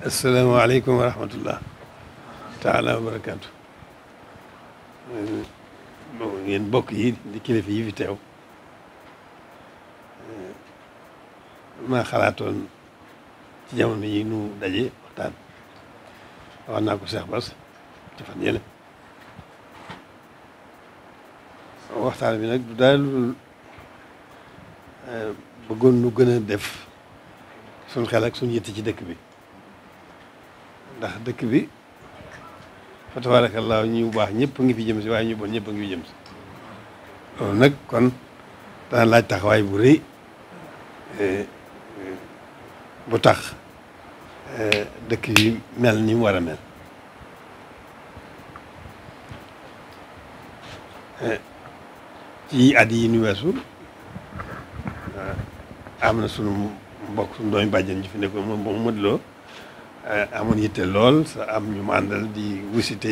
asalaamaaleykum wa rahmatullah taala wa barakaatu ngeen bokk yi di kilifa yi fi teew maa xalaatoon ci jamono yi nu daje waxtaan wax naa ko Cheikh Bass ci fan yële waxtaan bi nag du daal eh, bëggoon nu gën a def suñ xel ak suñ yitte ci dëkk bi ndax dëkk bi fa tabaarakallaahu ñu bu baax ñëpp ngi fi jëm si waaye ñu bon ñëpp ngi fi jëm si loolu nag kon dana laaj taxawaay bu rëy eh, bu tax eh, dëkk yi mel ni mu war a mel eh, ci at yi ñu weesu am na sunu mbokk sunu doomi bàjjen ñu fi nekkoon moom moom Modou amoon yitte lool sa am ñu mu àndal di wisite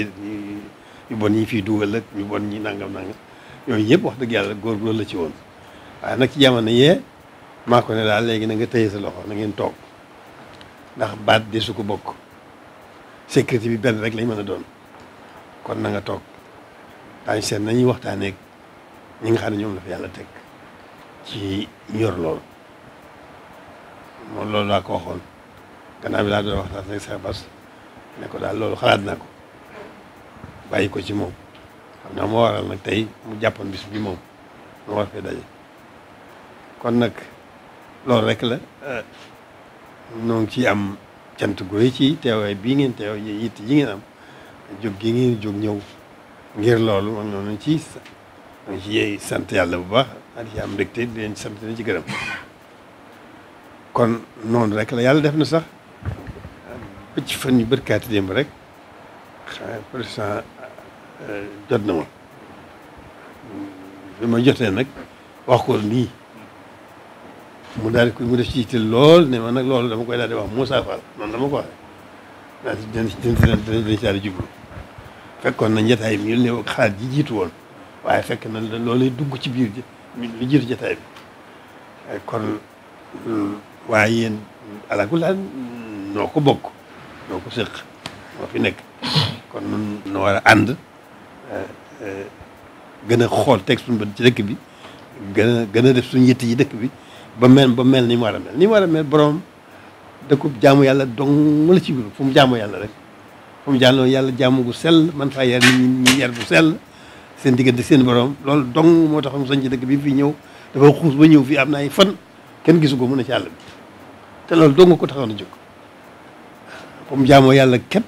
ñu bon ñi fii dugal la ñu bon ñi nangam nangam yooyu yëpp wax dëgg yàlla góor loolu la ci woon waaye nag ci jamono yee maa ko ne daal léegi na nga tëye sa loxo na ngeen toog ndax baat de su ko bokk sécurité bi benn rek lañ mën a doon kon na nga toog daañu seet nañuy waxtaanee ñi nga xam ne ñoom la fa yàlla teg ci ñor lool moom loolu laa ko waxoon. gannaaw bi laa doon waxtaan ak Cheikh Bass daal loolu xalaat naa ko bàyyi ko ci moom xam naa moo waral nag tey mu jàppoon bis bi moom mu war fee daje kon nag loolu rek la noo ngi ciy am cant gu rëy ci teewaay bii ngeen teew it yi ngeen am jóg gi ngeen jóg ñëw ngir loolu man noonu ci ngi ci yey sant yàlla bu baax a di ci am mbégte di leen sant di ci gërëm kon noonu rek la yàlla def na sax ba ci fan yu bërkaati démb rek xanaa euh, jot na ma bi ma jotee nag wax ko nii mu daal di mu def ci yitte lool ne ma nag loolu dama koy daal di wax Moussa Fall noonu dama ko waxee daal di dinañ dinañ dinañ si daal di woon waaye fekk na loolu dugg ci biir lu jiitu jataay bi kon waaye yéen alaakulaa noo ko bokk. ñoo ko sëq moo fi nekk kon nun nu war a ànd gën a xool teg suñu bët ci dëkk bi gën a gën a def suñu yitt yi dëkk bi ba mel ba mel ni mu war a mel ni mu war a mel boroom dëkkub jaamu yàlla dong la ci biir fu mu jaamu yàlla rek fu mu jaamu yàlla jaamu gu sel man faa yar nit ñi yar bu sell seen diggante seen borom loolu dong moo tax mu sañ ci dëkk bi fii ñëw dafa xuus ba ñëw fii am na ay fan kenn gisu ko mën a ci àll bi te loolu dong ko taxoon a jóg comme jaamoo yàlla képp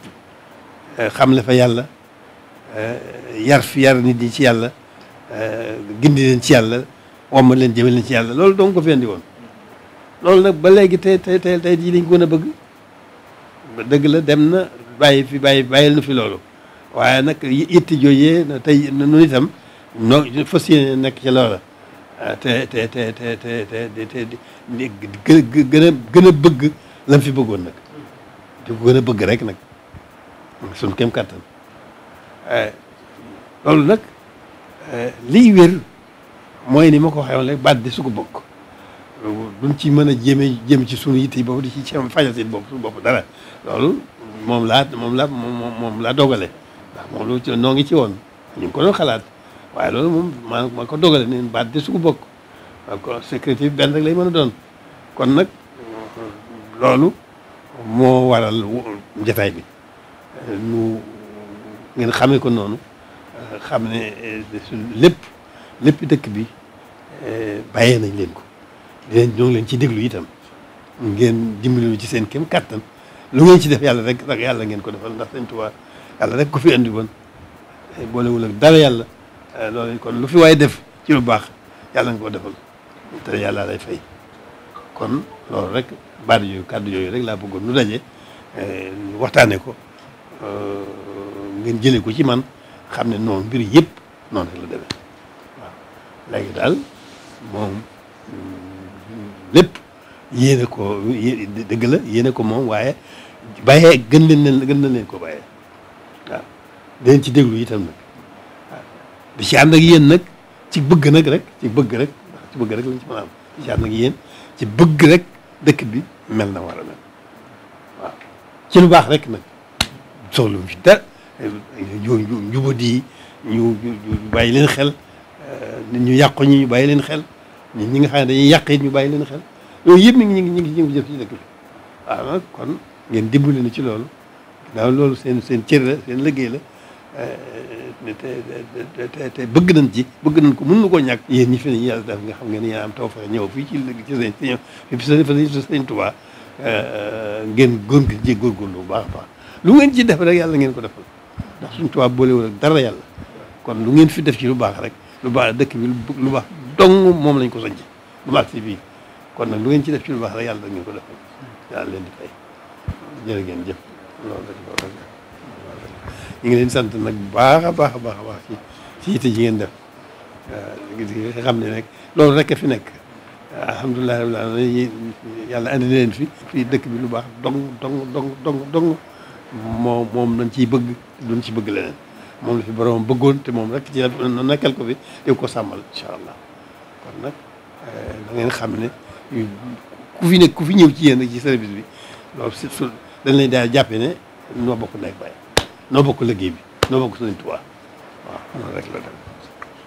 eh, xam la fa yàlla eh, yar fi yar nit ñi ci yàlla eh, gindi leen ci yàlla womma leen jëme leen ci yàlla loolu dong ko fi indi woon loolu nag ba léegi tey tey tey tey jii lañ ko gën a bëgg la dem na bàyyi bàyyi bàyyil fi loolu waaye nag itti tey nun itam noo fas yéene nekk te te gën a bëgg lam fi bëggoon nag di ko gën a bëgg rek nag suñ kéem kàttan eh, loolu nag eh, liy wér mooy ni ma ko waxee woon rek baat di su ko bokk duñ ci mën a jéeme jéem ci suñu yitte yi boobu di ci ci am fajal seen bopp suñu bopp dara loolu moom laa moom laa moom moom laa dogale ndax moom lu ci noo ngi ci woon ñu ngi ko doon xalaat waaye loolu moom maa maa ko dogale ne baat di su ko bokk kon sécurité bi benn rek lay mën a doon kon nag loolu moo waral jataay bi nu ngeen xamee ko noonu xam ne eh, lépp lépp dëkk bi eh, bàyyee nañ leen ko dinañ ñoo leen ci déglu itam ngeen dimbali ci seen kéem kattan lu ngeen ci def yàlla rek rek yàlla ngeen ko defal ndax sëñ Tuubaa yàlla rek ko fi andi woon eh, boolewul ak dara yàlla loolu kon lu fi waay def ci lu baax yàlla nga ko defal te yàlla lay fay kon loolu rek bar yooyu kàddu yooyu rek laa bëggoon nu daje eh, waxtaane ko euh, ngeen jëlee ko ci man xam ne noonu mbir yëpp noon rek la demee waaw léegi daal moom mm, lépp yéene ko dëgg la yéene ko moom waaye bàyyee gën leen leen gën leen ko bàyyee waaw dinañ ci déglu itam nag waaw di ci ànd ak yéen nag ci bëgg nag rek ci bëgg rek ci bëgg rek lañ ci mën am ci ànd ak yéen ci bëgg rek dëkk bi mel na war a mel ci lu baax rek nag soxla fi dara di ñu bàyyi leen xel ñu yàqu ñi ñu bàyyi leen xel ñi ñi nga xam ne dañuy yàq ñu bàyyi leen xel yooyu yëpp mi ngi ñu ngi ñu ngi jëf ci dëkk bi waaw nag kon ngeen dimbali na ci loolu ginnaaw loolu seen seen cër la seen liggéey la te te te te bëgg nañ ci bëgg nañ ko mën na koo ñàkk yéen ñi fi ne yàlla def nga xam ngeen yaa am taw fa ñëw fii ci ci sëñ si ñëw fii ci sëñ Tuubaa euh, euh, ngeen góor ji góorgóorlu bu baax a baax lu ngeen ci def rek yàlla ngeen ko defal ndax suñ Tuubaa boolewul ak dara yàlla kon lu ngeen fi def ci lu baax rek lu baax dëkk bi lu baax dong moom lañ ko sañci bu mag si bii kon nag lu ngeen ci def ci lu baax rek yàlla ngeen ko defal yàlla leen di fay jërë ngeen jëf loolu la ñu ngi leen sant nag bu baax a baax a baax a baax ci ci yitte ji ngeen def waaw xam ne nag loolu rek fi nekk alhamdulilah rabbil alamin yàlla andi leen fii dëkk bi lu baax dong dong dong dong dong moom moom lañ ciy bëgg duñ ci bëgg leneen moom la fi borom bëggoon te moom rek ci nekkal ko fi ko sàmmal incha allah kon nag da eh, ngeen xam ne ku fi nekk ku fi ñëw ci yéen ci service bi loolu surtout dañ lay daal jàppe ne noo bokk nekk bàyyi noo bokk liggéey bi noo bokk Sëriñ Tuubaa waaw noonu rek la dem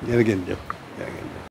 jërë ngeen jëf jërë ngeen jëf